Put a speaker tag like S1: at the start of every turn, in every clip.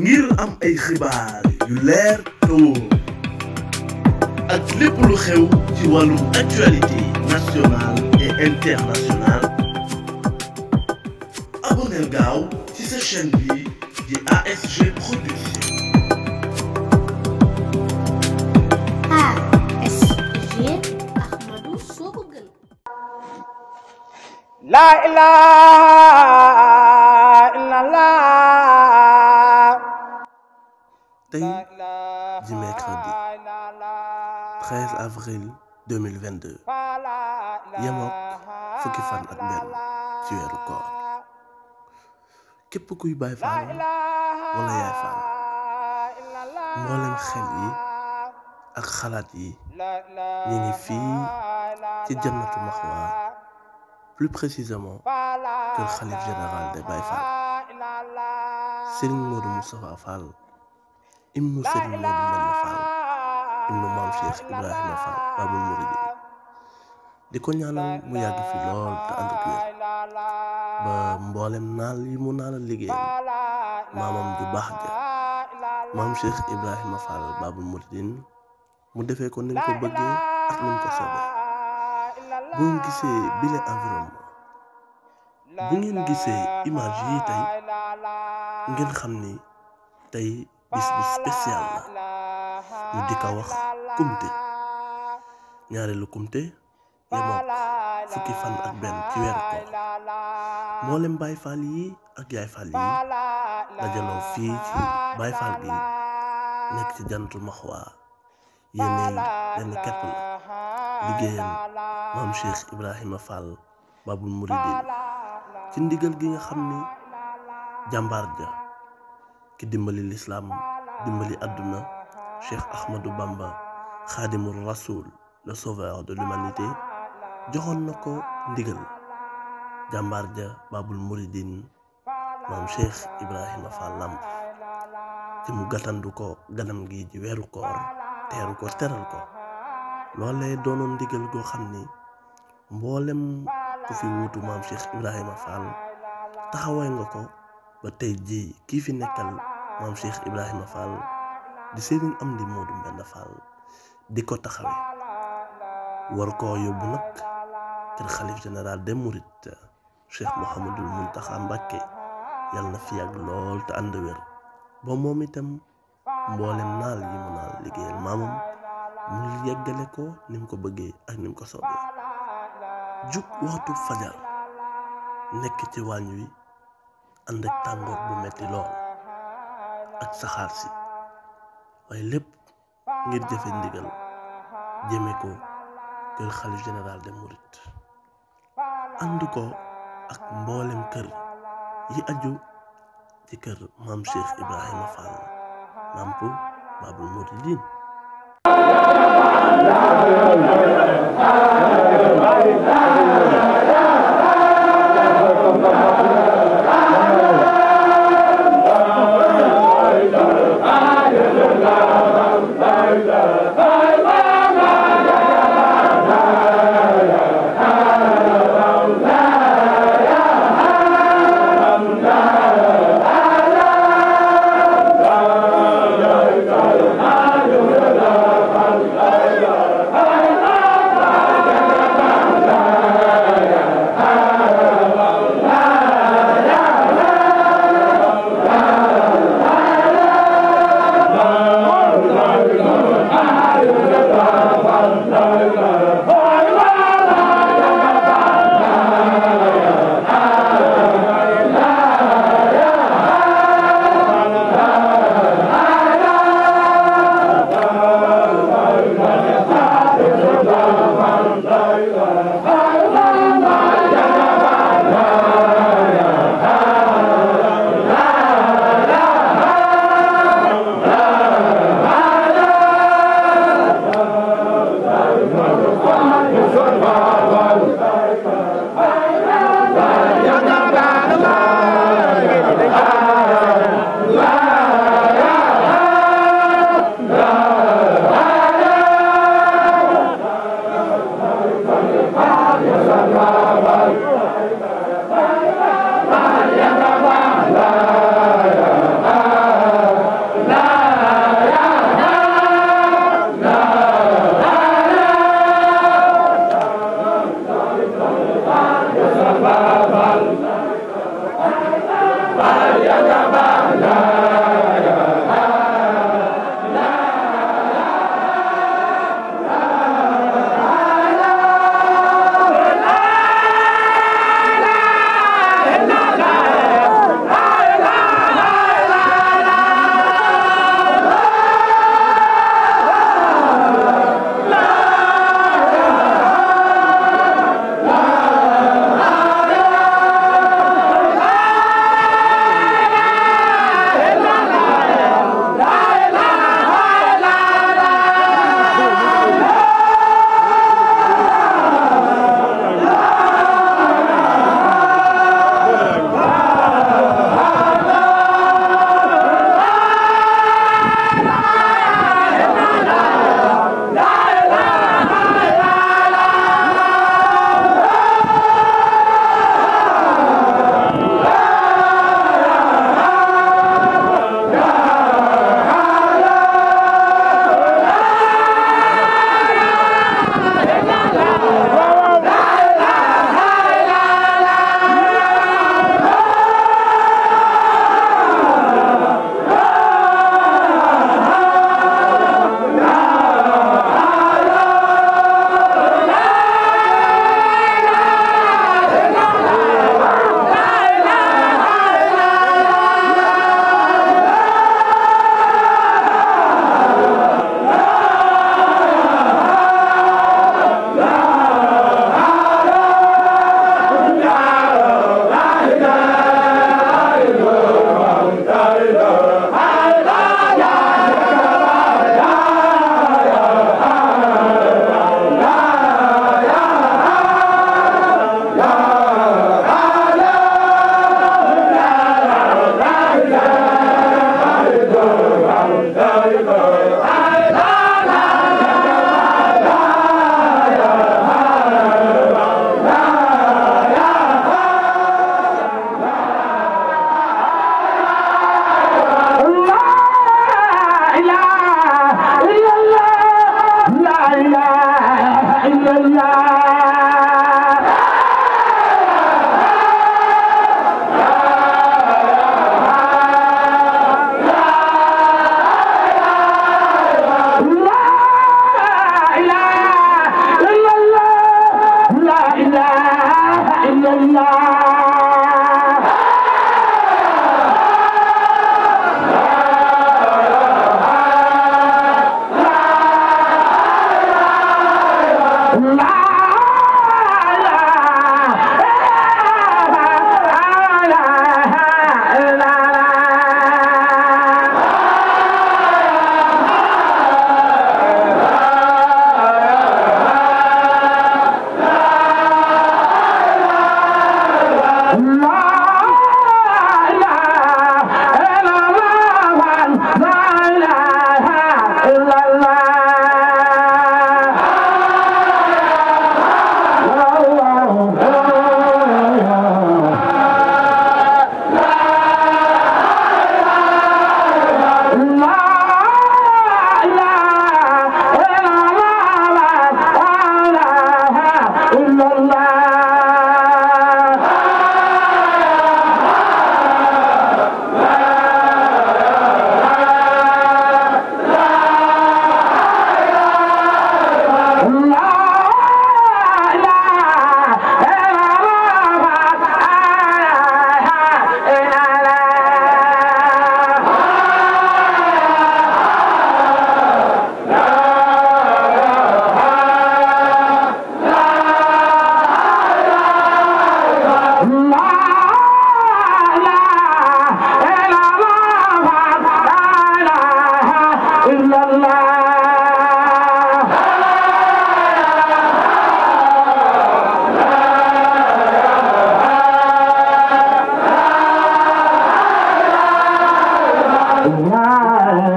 S1: ngir am ay xibaar yu leer te wóor ak lépp lu xew ci actualité nationale et internationale abonnez gaaw ci cette chaîne bi di ASG Production
S2: La ilaha tey
S1: du mercredi 13 avril 2022 Yamok, Fukifan fan ak es ci corps. koor képp kuy que faal wala yaay faal mboolem xel yi ak khalat yi ñu ngi fii ci jannatu maxwaa plus précisément que Khalif général de baay faal Serigne Modou Moustapha Fall ibnu sëriñ Moodu Mbend Fall ibnu maam Cheikh Ibrahima Fall Babul Muridi di ko ñaanal mu yàgg fi lool te ànd ak ba mboolem naal yi mu naal liggéey maamam ju baax ja maam Cheikh Ibrahima Fall Babul Muridin mu defee ko ni ko bëggee ak ni ko soobee bu ñu gisee bile environnement bu ngeen gisee image yi tey ngeen xam ni tey bis spesial, ya la ñu di wax kumte ñaareelu kumte yemook fukki fan ak ben ci wér ko mboolem bay fal yi ak yaay fal yi dajaloo fi ci bay fal bi nek ci jantul maxwaa kepp la cheikh ibrahima fall babul muridin ci ndigal gi nga xamni jambar ja ki dimbali l'islam dimbali aduna cheikh ahmadou bamba xaadimul rasoul le sauveur de l'humanité joxon nako ndigal jambar ja babul muridin moom cheikh ibrahima fallam ci mu gatandu ko ganam gi ci wéru koor téru ko téral ko lolé donon ndigal go xamni mbollem ku fi wutu maam cheikh ibrahima fall taxaway nga ko ba tey jii kii fi nekkal maam Cheikh Ibrahima Fall di Serigne Amdi Modou Mbenda Fall di ko taxawe war koo yóbbu nag kër xalif général des Mourides Cheikh Mouhamadul Mountakha Mbacké yàlla fi yàgg lool te ànd wér ba moom itam mboolem naal yi mu naal liggéeyal maamam mu yeggale ko ni mu ko bëggee ak ni mu ko soobee jug waxtu fajar nekk ci waañ wi ande ak tàngoor bu metti lool ak saxaar si waaye ngir jëfe ndigal ko kër xalif general de murit ànd ko ak mboolem kër yi aju ci kër mam Cheikh ibrahim Fall nampu babul muridin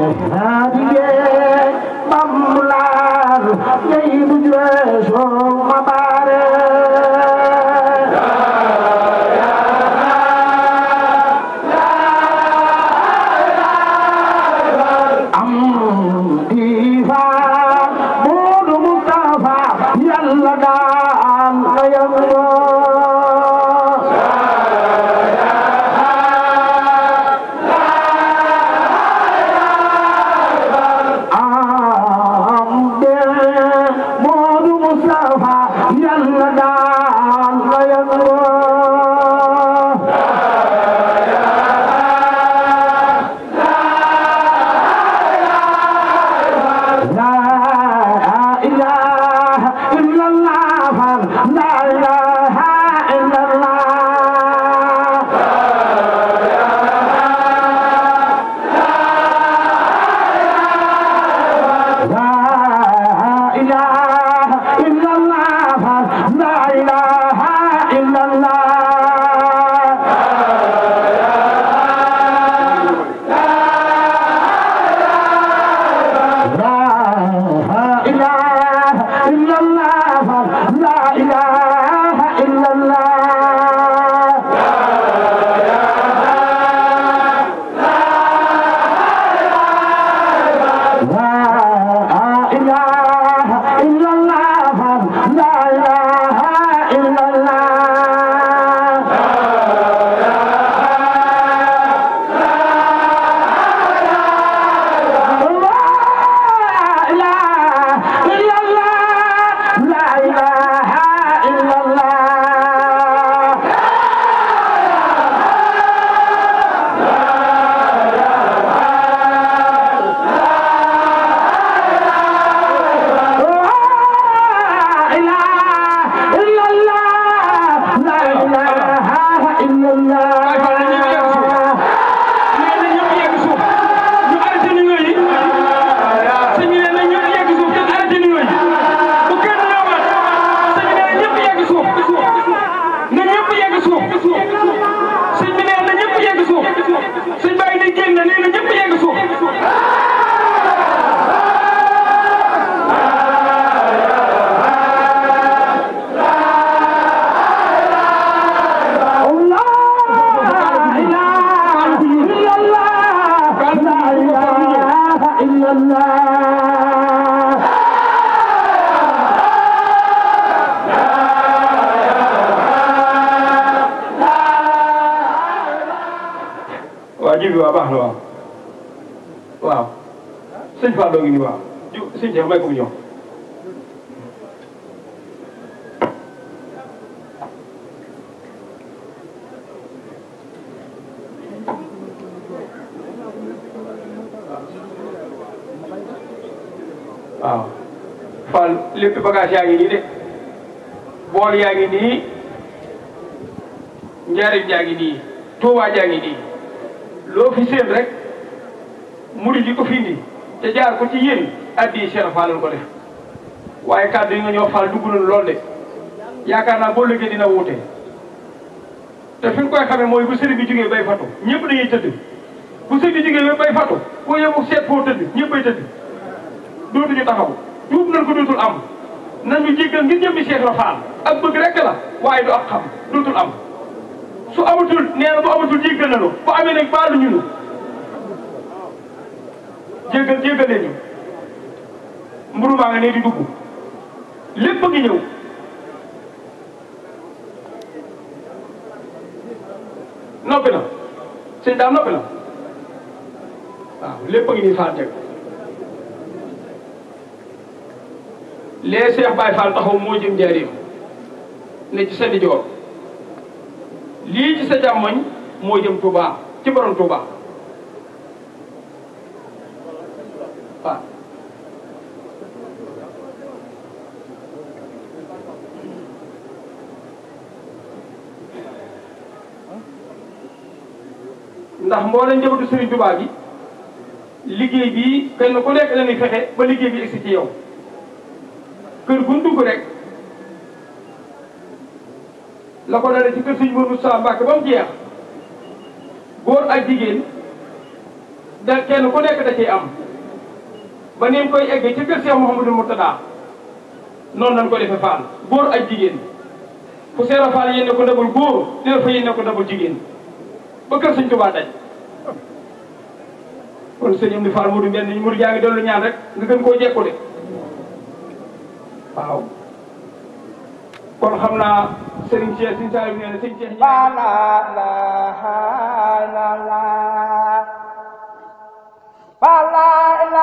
S2: nadie الله يلا
S3: sëñ bi waa baax na waaw waaw sëñ Fallou ngi nii waaw ju sëñ Cheikh may ko mu ñëw waaw Fall yaa ngi nii de yaa ngi nii njaarim yaa ngi nii Touba yaa ngi nii fi seen rek murid yi ko fi indi te jaar ko ci yéen addi yi Cheikh Fall ko def waaye kàddu yi nga ñoo Fall dugg na lool de yaakaar naa boo lëggee dina wuute te fi nga koy xamee mooy bu sëriñ bi jógee bay fatu ñëpp dañuy tëdd bu sëriñ bi jógee bay fatu boo yemu seet foo tëdd ñëpp bay tëdd dootuñu taxaw tuub nañ ko dootul am nañu jéggal ngir jëmmi Cheikh Fall ak bëgg rek la waaye du ak xam dootul am su amatul nee na bu amatul jéggal nañu bu amee nag baalu ñu nu jéggal jéggal leen ñu mburu maa nga ne di dugg lépp a ngi ñëw noppi na sëñ daam noppi na waaw lépp a ngi nii faal teg lee Seex Baay Faal taxaw moo jëm njaareem ne ci seen i joor ci sa jàmmoñ moo jëm Touba ci borom Touba waaw ndax mboolem njabootu Serigne Touba bi liggéey bi kenn ku nekk la ñuy fexe ba liggéey bi egsi ci yow kër gu ñu dugg rek la ko dalee ci kër sëñ Mourou Moussa Mbacke ba mu jeex góor ak jigéen da kenn ku nekk da ciy am ba ni mu koy eggee ci kër Cheikh Mouhamadou Mourtada noonu lañ ko defe Fall góor ak jigéen ku seera Fall yéen ko dabul góor seera fa yéen ko dabul jigéen ba kër sëñ Touba daj kon sëñ am di Fall Modou Mbène ñu Modou jaa ngi dellu ñaan rek nga gën koo jekku de waaw kon xam naa Serigne Cheikh Serigne Saliou nee na Serigne Cheikh la la la
S2: la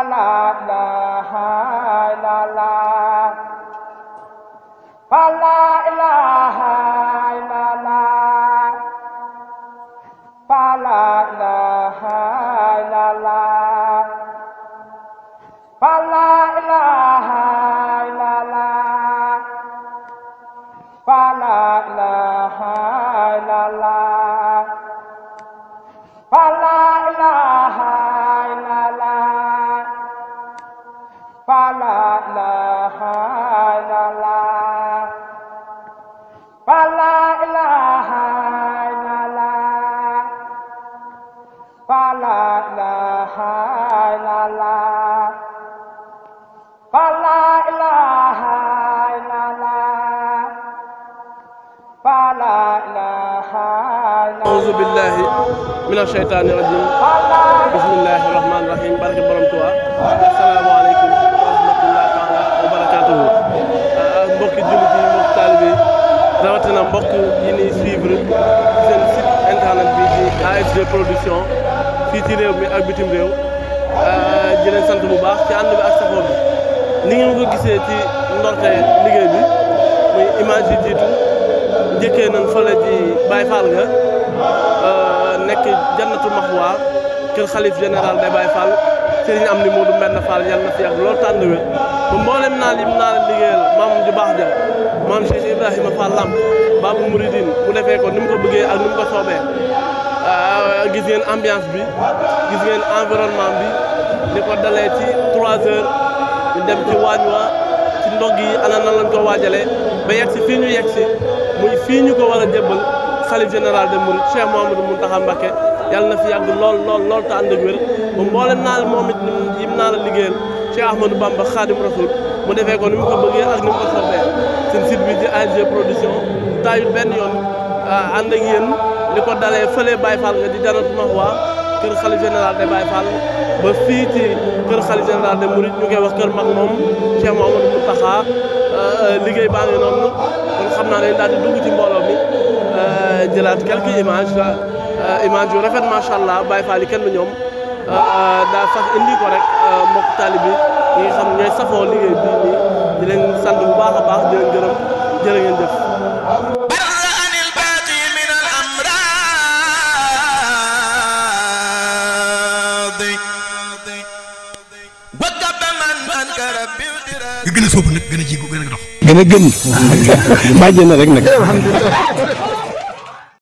S2: la la la la
S4: sheytaani rajim bismillahi rahmaani rahim barke borom Tuubaa asalaamaaleykum wa rahmatullahi taala wa ah, mbokki jullit yi mbokki rawatina mbokk yi ñuy suivre seen site internet bi di ASG production fii ci réew mi ak réew ah, di leen sant bu baax ci ànd bi ak safoo bi ni ko gisee ci ndorte liggéey bi muy image yi jiitu njëkkee nañ fële ci nga nekk jannatu maxwa kër xalif général day Baye Fall sëriñ am ni mu Mbène Fall yàlla na fi yàgg loolu tànn wér ba naa lim naa la liggéeyal maam ju baax ja maam Cheikh Ibrahima Fall Lamp Babu Mouridine bu defee ko ni mu ko bëggee ak ni ko soobee ah, gis ngeen ambiance bi gis ngeen environnement bi di ko dalee ci 3 heures ñu dem ci waañ wa ci ndog yi ana nan lañ ko ba yegg si fii ñu yegg si muy fii ñu ko war a jébbal xalif général de Mouride Cheikh Mouhamadou Mountakha Mbacké yàlla na fi yàgg lool lool lool te ànd ak wér ba mboolem naal moom it yim naa la liggéeyal Cheikh Ahmadou Bamba Khadim Rasoul mu defee ko ni mu ko bëggee ak ni mu ko soobee seen site bi di ASG production taayut benn yoon ànd ak yéen li ko dalee fële Baye Fall nga di Janatu Mahwa kër xalif général de Baye Fall ba fii ci kër xalif général de Mouride ñu koy wax kër mag moom Cheikh Mouhamadou Mountakha liggéey baa ngi noonu kon xam naa ne daal di dugg ci mbooloo mi Euh, jëlaat quelques images euh, euh, image yu rafet macha allah Baye Fall yi kenn du ñoom daa sax indi ko rek mbokk taalibi yi nga xam ñooy safoo liggéey bii nii di leen sant bu baax a baax di leen gërëm jërë ngeen jëf.
S3: nga gën a sóobu nag gën a jigu gën a
S4: dox. gën a gëm.
S2: bàjjee na rek nag.